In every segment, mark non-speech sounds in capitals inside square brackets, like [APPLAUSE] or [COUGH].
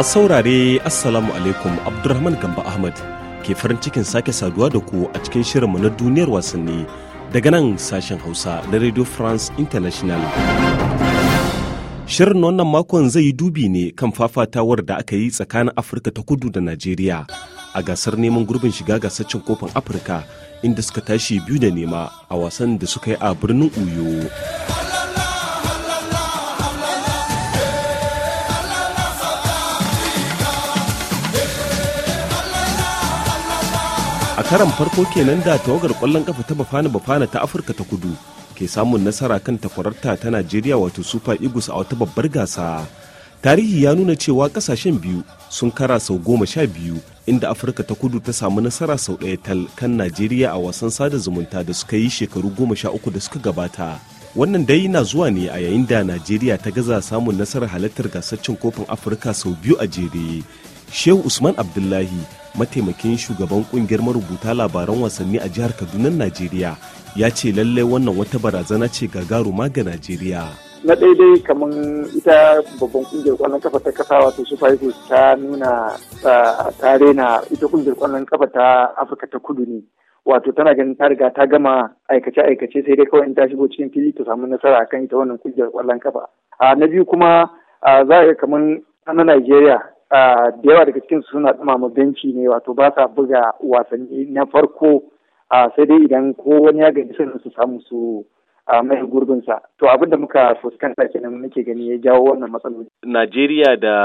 Masu saurare Assalamu alaikum Abdulrahman Gamba Ahmad ke farin cikin sake saduwa da ku a cikin shirinmu na duniyar wasanni daga nan sashen Hausa na Radio France International. Shirin wannan makon zai yi dubi ne kan fafatawar da aka yi tsakanin Afirka ta kudu da Najeriya a gasar neman gurbin shiga gasar kofin Afirka inda suka tashi biyu da nema a wasan da suka yi a birnin Uyo. a karan farko kenan da tawagar kwallon kafa ta bafana bafana ta afirka ta kudu ke samun nasara kan takwararta ta najeriya wato super eagles a wata babbar gasa tarihi ya nuna cewa kasashen biyu sun kara sau goma sha biyu inda afirka ta kudu ta samu nasara sau ɗaya tal kan najeriya a wasan sada zumunta da suka yi shekaru goma sha uku da suka gabata wannan dai na zuwa ne a yayin da najeriya ta gaza samun nasarar halartar gasar cin kofin afirka sau biyu a jere shehu usman abdullahi mataimakin shugaban kungiyar marubuta labaran wasanni a jihar kaduna najeriya ya ce lallai wannan wata barazana ce gagaruma ga najeriya na daidai kamar ita babban kungiyar kwallon kafa ta kasa wato su ta nuna ta rena ita kungiyar kwallon kafa ta afirka ta kudu ne wato tana ganin ta riga ta gama aikace aikace sai dai kawai in ta shigo cikin fili ta samu nasara akan ita wannan kungiyar kwallon kafa ah, na biyu kuma ah, za a kamar na Najeriya Ah, da yawa daga cikin suna dumama benci ne wato ba sa buga wasanni na farko ah, sai dai idan ko wani ya gani sannan su samu su ah, mai gurbinsa to abin da muka fuskanta kenan muke gani ya jawo wannan matsaloli. Najeriya da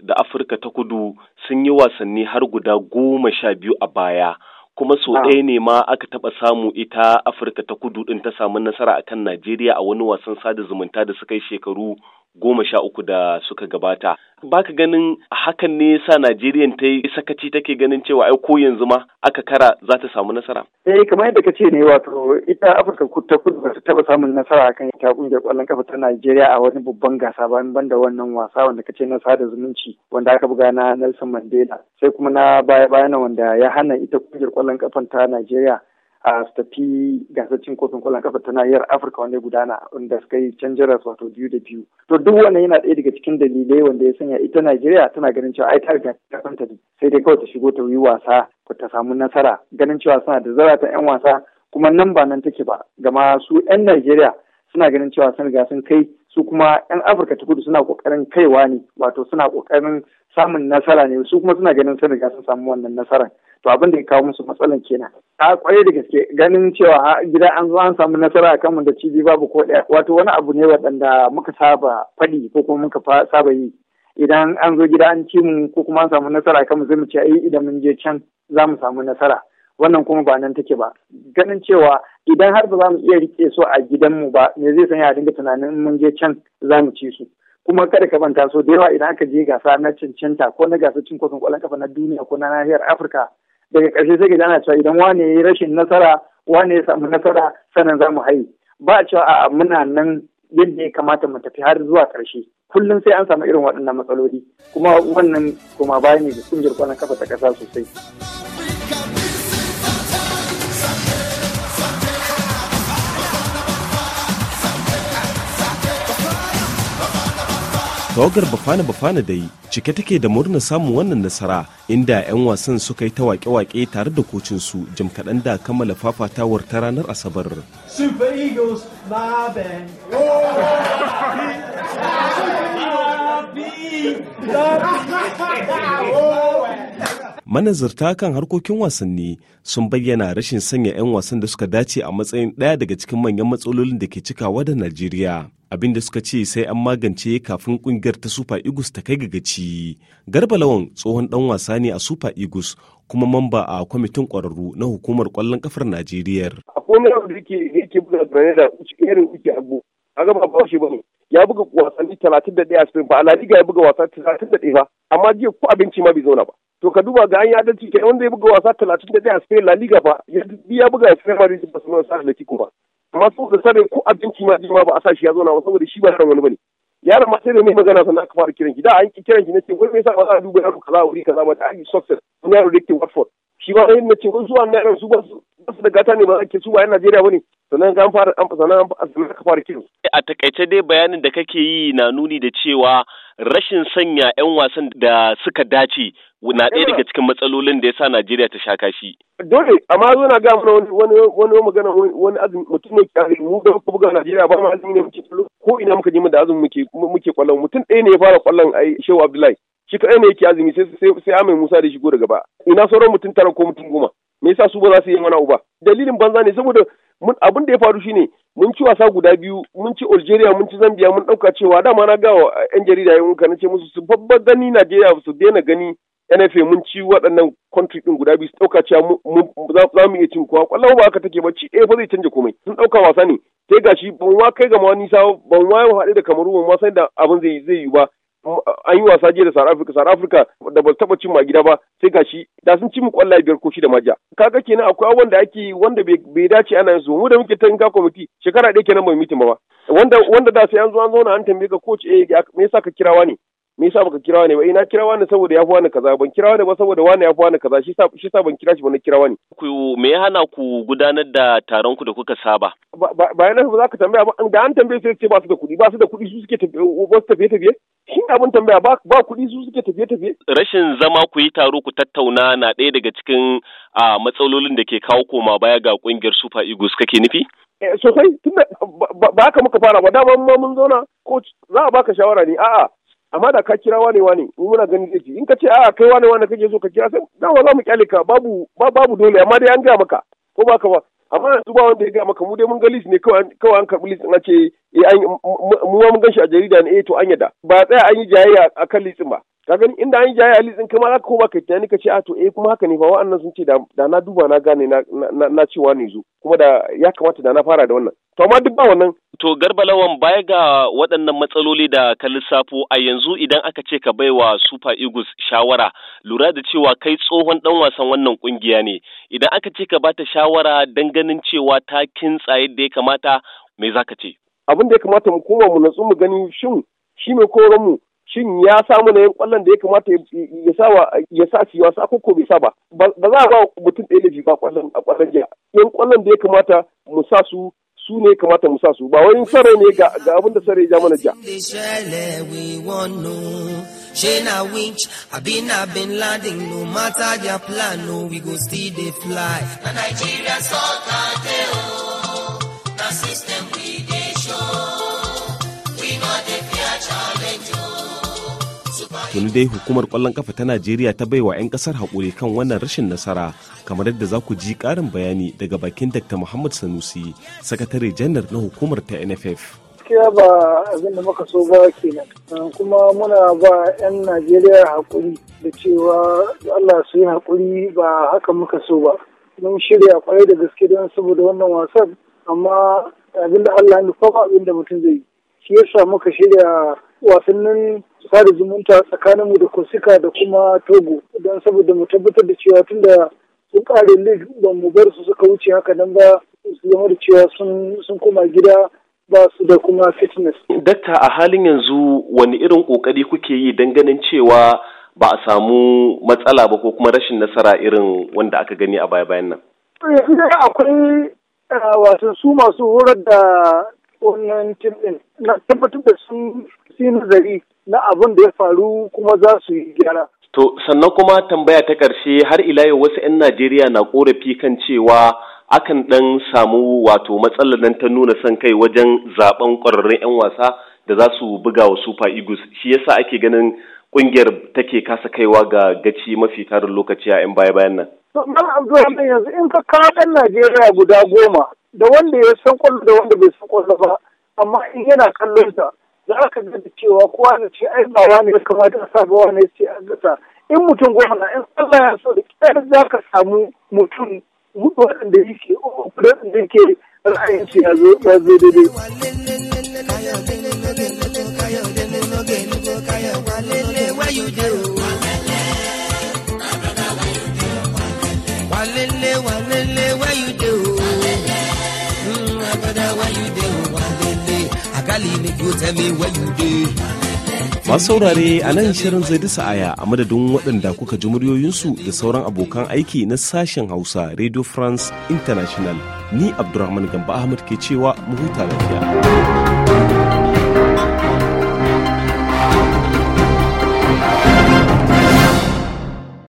da Afirka ta kudu sun yi wasanni har guda goma sha biyu a baya kuma sau ɗaya ne ma aka taɓa samu ita Afirka ta kudu ɗin ta samu nasara akan Najeriya a wani wasan sada zumunta da suka yi shekaru goma sha uku da suka gabata. Baka ganin hakan ne sa Najeriya ta yi sakaci take ganin cewa ai ko yanzu ma aka kara za ta samu nasara. Eh kamar yadda ka ce ne wato ita Afirka ta kudu ba ta taba samun nasara kan ita kungiyar kwallon kafa ta Najeriya a wani babban gasa ba ban da wannan wasa wanda kace na sada zumunci wanda aka buga na Nelson Mandela sai kuma na baya bayan wanda ya hana ita kungiyar kwallon ƙafa ta Najeriya a su tafi gasar kofin kwallon kafa ta nahiyar afirka wanda ya gudana wanda suka yi canjaras wato biyu da biyu to duk wannan yana ɗaya daga cikin dalilai wanda ya sanya ita najeriya tana ganin cewa ai tar riga ta sai dai kawai ta shigo ta yi wasa ta samu nasara ganin cewa suna da zara ta yan wasa kuma nan ba nan take ba gama su yan najeriya suna ganin cewa sun riga sun kai su kuma 'yan afirka ta kudu suna kokarin kaiwa ne wato suna kokarin samun nasara ne su kuma suna ganin sun riga sun samu wannan nasaran. to abin da ya kawo musu matsalan kenan a kwaye da gaske ganin cewa gida an zo an samu nasara a kanmu da cibi babu ko ɗaya wato wani abu ne waɗanda muka saba faɗi ko kuma muka saba yi idan an zo gida an ci mu ko kuma an samu nasara a kanmu sai mu ce ai idan mun je can za mu samu nasara wannan kuma ba nan take ba ganin cewa idan har ba za mu iya rike su a gidanmu ba me zai sanya a dinga tunanin mun je can za mu ci su kuma kada ka manta so da yawa idan aka je gasa na cancanta ko na gasar cin kwasan kwallon kafa na duniya ko na nahiyar afirka daga ƙarshe sai ga ana cewa idan wane ya yi rashin nasara wane ya samu nasara sanan za mu haye ba cewa a muna nan yadda ya kamata mu tafi har zuwa ƙarshe kullum sai an samu irin waɗannan matsaloli kuma wannan kuma baya ne da kungiyar kwallon kafa ta ƙasa sosai. tawagar bafana bafana dai cike take da murnar samun wannan nasara inda 'yan wasan suka yi ta wake-wake tare da kocinsu jim kaɗan da kammala fafatawar ta ranar asabar super eagles Oh, [LAUGHS] manazarta kan harkokin wasanni sun bayyana rashin sanya 'yan wasan da suka dace a matsayin ɗaya daga cikin manyan matsalolin da ke cikawa da najeriya abin da suka ce sai an magance kafin kungiyar ta super eagles ta kai ga gaci garba lawan tsohon dan wasa ne a super eagles kuma mamba a kwamitin kwararru na hukumar kwallon kafar najeriya akwai da yake buga granada irin uke agbo a gaba ba shi ba ya buga wasanni 31 a spain ba a la liga ya buga wasanni 31 ba amma jiya ko abinci ma bai zauna ba to ka duba ga an yi adalci ke wanda ya buga wasa talatin da ɗaya a Spain La Liga ba ya buga a Spain Madrid ba su sa Atletico ba amma saboda sare ko abinci ma jima ba a sa shi ya zo na saboda shi ba ran wani bane yaron ma sai da mai magana sannan aka fara kiran shi da an ki kiran shi nace wai me yasa ba za a duba yaro kaza wuri kaza ba da ai success wani yaro da ke Watford shi ba sai na ko su wannan irin su ba su da gata ne ba ake su ba yan Najeriya bane sannan an fara an sannan an ka fara kiran a takaice dai bayanin da kake yi na nuni da cewa rashin sanya 'yan wasan da suka dace na ɗaya daga cikin matsalolin da ya sa Najeriya ta sha kashi. Dole, amma zo na gaya mana wani wani magana wani azumi mutum ne kare, mu ga muka buga Najeriya ba ma azumi ne muke kallo ko ina muka je mu da azumi muke muke kwallon mutum ɗaya ne ya fara kwallon ai Shehu Abdullahi shi kaɗai ne yake azumi sai amin musa da shi shigo da gaba ina sauran mutum tara ko mutum goma me yasa su ba za su yi wani uba dalilin banza ne saboda mun abin da ya faru shine mun ci wasa guda biyu mun ci Algeria mun ci Zambia mun dauka cewa dama na ga yan jarida yan na ce musu su babba gani Najeriya su daina gani NFA mun ci waɗannan country ɗin guda biyu su ɗauka cewa za mu iya cin kowa ƙwallon ba haka take ba ci ɗaya ba zai canja komai sun ɗauka wasa ne sai gashi ban wa kai ga nisa ban wa haɗe da kamaru ban wa san da abin zai zai yi ba an yi wasa jiya da South Africa South Africa da ba su taba cin ma gida ba sai gashi da sun ci mu kwallaye biyar ko shida maja kaga kenan akwai abubuwan da ake wanda bai dace ana yanzu mu da muke tanka kwamiti shekara ɗaya kenan bai mitin ba wanda wanda da sai an zo an zauna an tambaye ka coach eh me yasa ka kirawa ne me yasa baka kira wani ba ina eh, kira wani saboda ya fi wani kaza ban kira wani ba saboda wani ya fi wani kaza shi sa ban kira shi ba na kira wani ku me ya hana ku gudanar da taron ku da kuka saba bayan yana ba za ka tambaya ba da an tambaye sai ce ba su da kuɗi ba su da kuɗi su suke tafiye tafiye shi abin tambaya ba ba kuɗi su suke tafiye tafiye rashin zama ku yi taro ku tattauna na ɗaya daga cikin matsalolin da ke kawo koma baya ga ƙungiyar Super Eagles kake nufi eh, sosai tunda ba haka muka fara ba dama mun zauna ko za a baka shawara ne a'a amma da ka kira wane wane mu muna ganin zai ci in ka ce a kai wane wane kake so ka kira sai dama za mu kyale ka babu babu dole amma dai an gaya maka ko ba ka ba amma yanzu ba wanda ya gaya maka mu dai mun ga list ne kawai an karbi list ɗin ake eh, mu ma mun gan shi a jarida ne eh to an yadda ba tsaya an yi jayayya a kan list ba ka gani inda an yi jayayya list ɗin kamar ko koma ka tunani ka ce a to eh kuma haka ne ba wa'annan sun ce da na duba na gane na cewa ne zo kuma da ya kamata da na fara da wannan to amma duk ba wannan To garbalawan baya ga waɗannan matsaloli da ka lissafo a yanzu idan aka ce ka bai wa Super Eagles shawara lura da cewa kai tsohon ɗan wasan wannan ƙungiya ne idan aka ce ka bata shawara don ganin cewa ta kintsa yadda ya kamata me za ka ce? Abin da ya kamata mu koma mu natsu mu gani shin shi mai koron mu shin ya samu na yin kwallon da ya kamata ya sa ya sa shi wasa ko bai sa ba ba za a ba mutum ɗaya biyu ba kwallon a kwallon jiya yan kwallon da ya kamata mu sa su su ne kamata mu sa su ba wani sare ne ga abin da sare ja mana ja She na winch, I been a been Laden, no matter their plan, no, we go still they fly. Na Nigeria, so tuni dai hukumar kwallon kafa ta najeriya ta baiwa 'yan kasar haƙuri kan wannan rashin nasara kamar yadda za ku ji ƙarin bayani daga bakin dr muhammad sanusi sakatare janar na hukumar ta nff gaskiya ba abin da muka so ba kenan kuma muna ba 'yan najeriya haƙuri da cewa allah su yi haƙuri ba haka muka so ba mun shirya kwarai da gaske don saboda wannan wasan amma abin da allah ya nufa abin da mutum zai yi shi yasa muka shirya wasannin sada zumunta tsakanin mu da Kosika da kuma Togo don saboda mu tabbatar da cewa tunda sun kare league ba mu bar su suka wuce haka nan ba su zama da cewa sun koma gida ba su da kuma fitness. Dakta a halin yanzu wani irin kokari kuke yi don ganin cewa ba a samu matsala ba ko kuma rashin nasara irin wanda aka gani a baya bayan nan? Eh, akwai eh, wasan su masu horar da wannan tim din na tabbatar da sun yi nazari na abin da ya faru kuma za su yi gyara. To sannan kuma tambaya ta ƙarshe har ila yau wasu 'yan Najeriya na ƙorafi kan cewa akan ɗan samu wato matsalar nan ta nuna son kai wajen zaɓen ƙwararrun 'yan wasa da za su buga wa Super Eagles shi yasa ake ganin ƙungiyar take kasa kaiwa ga gaci mafi tarin lokaci a 'yan baya-bayan nan. To Abdulrahman yanzu in ka kawo ɗan Najeriya guda goma da wanda ya san ƙwallo da wanda bai san kwallo ba amma in yana kallon ta za ka ga da cewa kowa da ce ai ba wani ya kamata a sa ba wani ya ce an gasa in mutum goma na in Allah ya so da kyar za ka samu mutum waɗanda yake da yake ra'ayin ya zo daidai. Masu saurare a nan shirin zai dasa aya a madadin waɗanda kuka ji muryoyinsu da sauran abokan aiki na sashen Hausa Radio France International. Ni Abdulrahman Gamba Ahmad ke cewa mu huta lafiya.